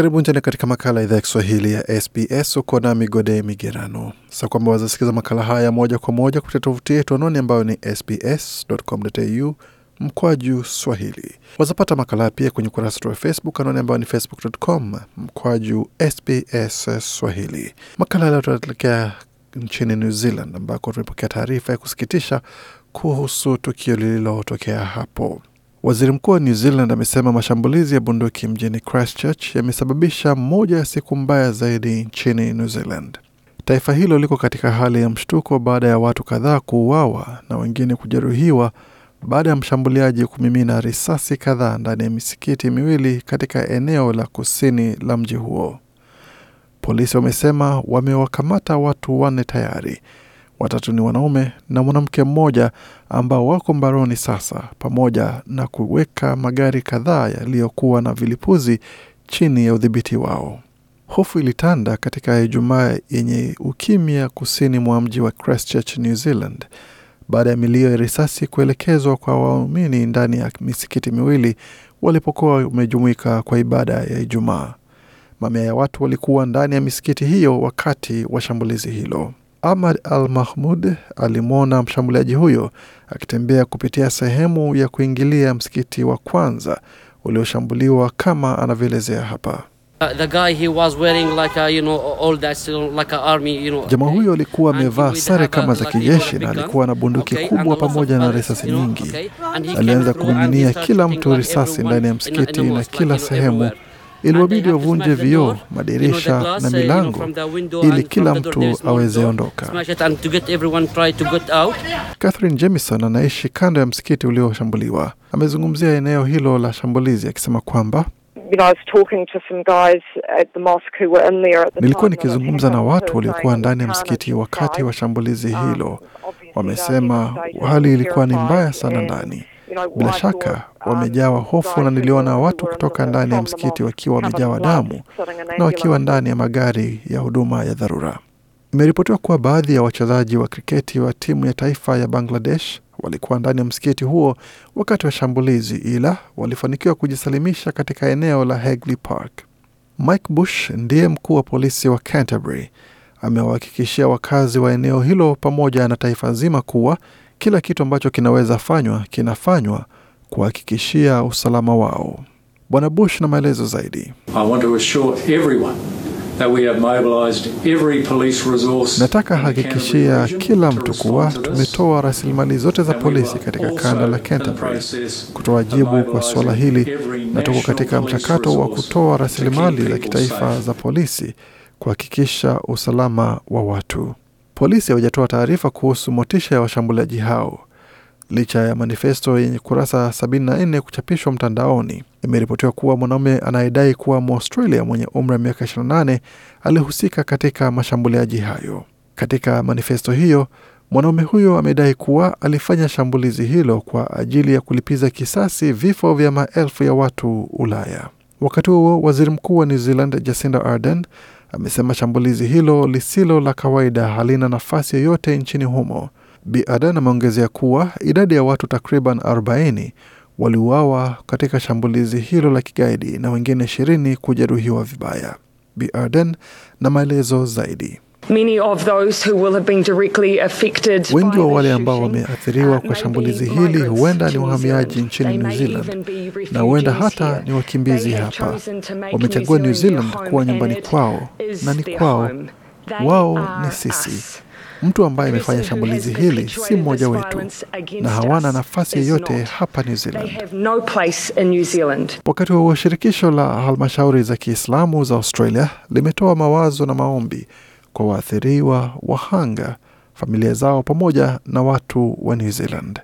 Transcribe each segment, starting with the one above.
Karibu tena katika makala ya idhaa ya Kiswahili ya SBS. Uko na Migode Migerano sa kwamba wazasikiza makala haya moja kwa moja kupitia tovuti yetu anwani ambayo ni sbs.com.au mkwaju swahili. Wazapata makala pia kwenye ukurasa wetu wa Facebook anwani ambayo ni facebook.com mkwaju SBS swahili. Makala leo tunaelekea nchini New Zealand ambako tumepokea taarifa ya kusikitisha kuhusu tukio lililotokea hapo. Waziri mkuu wa New Zealand amesema mashambulizi ya bunduki mjini Christchurch yamesababisha moja ya siku mbaya zaidi nchini New Zealand. Taifa hilo liko katika hali ya mshtuko baada ya watu kadhaa kuuawa na wengine kujeruhiwa baada ya mshambuliaji kumimina risasi kadhaa ndani ya misikiti miwili katika eneo la kusini la mji huo. Polisi wamesema wamewakamata watu wanne tayari watatu ni wanaume na mwanamke mmoja ambao wako mbaroni sasa, pamoja na kuweka magari kadhaa yaliyokuwa na vilipuzi chini ya udhibiti wao. Hofu ilitanda katika Ijumaa yenye ukimya kusini mwa mji wa Christchurch, New Zealand baada ya milio ya risasi kuelekezwa kwa waumini ndani ya misikiti miwili walipokuwa wamejumuika kwa ibada ya Ijumaa. Mamia ya watu walikuwa ndani ya misikiti hiyo wakati wa shambulizi hilo. Ahmad al-Mahmud alimwona mshambuliaji huyo akitembea kupitia sehemu ya kuingilia msikiti wa kwanza ulioshambuliwa kama anavyoelezea hapa. Uh, Jamaa huyo alikuwa amevaa sare kama za kijeshi na alikuwa na bunduki okay, kubwa pamoja na risasi nyingi. Alianza kumiminia kila mtu risasi ndani ya msikiti na kila sehemu everywhere iliwabidi wavunje vioo, madirisha na milango ili kila mtu aweze ondoka. Catherine Jamison anaishi kando ya msikiti ulioshambuliwa. Amezungumzia eneo hilo la shambulizi akisema kwamba Nilikuwa nikizungumza na watu waliokuwa ndani ya msikiti wakati wa shambulizi um, hilo. Wamesema hali ilikuwa ni mbaya sana ndani bila shaka um, wamejawa hofu, na niliona watu kutoka ndani ya msikiti wakiwa wamejawa damu na wakiwa ndani ya magari ya huduma ya dharura. Imeripotiwa kuwa baadhi ya wachezaji wa kriketi wa timu ya taifa ya Bangladesh walikuwa ndani ya msikiti huo wakati wa shambulizi, ila walifanikiwa kujisalimisha katika eneo la Hagley Park. Mike Bush ndiye mkuu wa polisi wa Canterbury amewahakikishia wakazi wa eneo hilo pamoja na taifa zima kuwa kila kitu ambacho kinaweza fanywa kinafanywa kuhakikishia usalama wao. Bwana Bush na maelezo zaidi. I want to assure everyone that we have mobilized every police resource. Nataka hakikishia kila mtu kuwa tumetoa rasilimali zote za polisi katika kanda la Canterbury kutoa jibu kwa suala hili, na tuko katika mchakato wa kutoa rasilimali za kitaifa za polisi kuhakikisha usalama wa watu. Polisi hawajatoa taarifa kuhusu motisha ya washambuliaji hao. Licha ya manifesto yenye kurasa 74 kuchapishwa mtandaoni, imeripotiwa kuwa mwanaume anayedai kuwa Mwaustralia mwenye umri wa miaka 28 alihusika katika mashambuliaji hayo. Katika manifesto hiyo, mwanaume huyo amedai kuwa alifanya shambulizi hilo kwa ajili ya kulipiza kisasi vifo vya maelfu ya watu Ulaya. Wakati huo, waziri mkuu wa New Zealand Jacinda Ardern amesema shambulizi hilo lisilo la kawaida halina nafasi yoyote nchini humo. Bi ameongezea kuwa idadi ya watu takriban 40 waliuawa katika shambulizi hilo la kigaidi na wengine ishirini kujeruhiwa vibaya. Biaden na maelezo zaidi. Wengi wa wale ambao wameathiriwa kwa shambulizi hili huenda ni wahamiaji nchini New Zealand na huenda hata ni wakimbizi hapa. Wamechagua New Zealand kuwa nyumbani kwao na ni kwao, wao ni sisi. Mtu ambaye amefanya shambulizi hili si mmoja wetu na hawana nafasi yeyote hapa New Zealand. No, wakati huo shirikisho la halmashauri za Kiislamu za Australia limetoa mawazo na maombi kwa waathiriwa, wahanga, familia zao pamoja na watu wa New Zealand.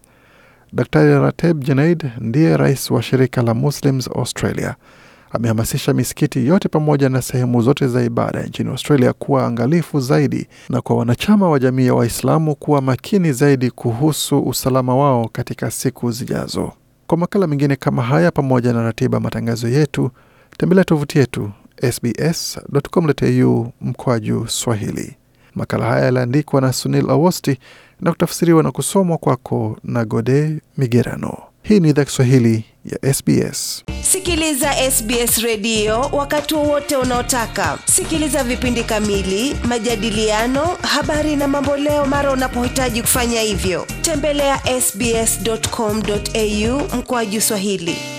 dr Rateb Junaid ndiye rais wa shirika la Muslims Australia. Amehamasisha misikiti yote pamoja na sehemu zote za ibada nchini Australia kuwa angalifu zaidi na kwa wanachama wa jamii ya Waislamu kuwa makini zaidi kuhusu usalama wao katika siku zijazo. Kwa makala mengine kama haya pamoja na ratiba matangazo yetu, tembelea tovuti yetu sbs.com.au mkwaju Swahili. Makala haya yaliandikwa na Sunil Awosti na kutafsiriwa na kusomwa kwako na Gode Migerano. Hii ni idhaa Kiswahili ya SBS. Sikiliza SBS redio wakati wowote unaotaka. Sikiliza vipindi kamili, majadiliano, habari na mamboleo mara unapohitaji kufanya hivyo. Tembelea ya sbs.com.au mkoaji Swahili.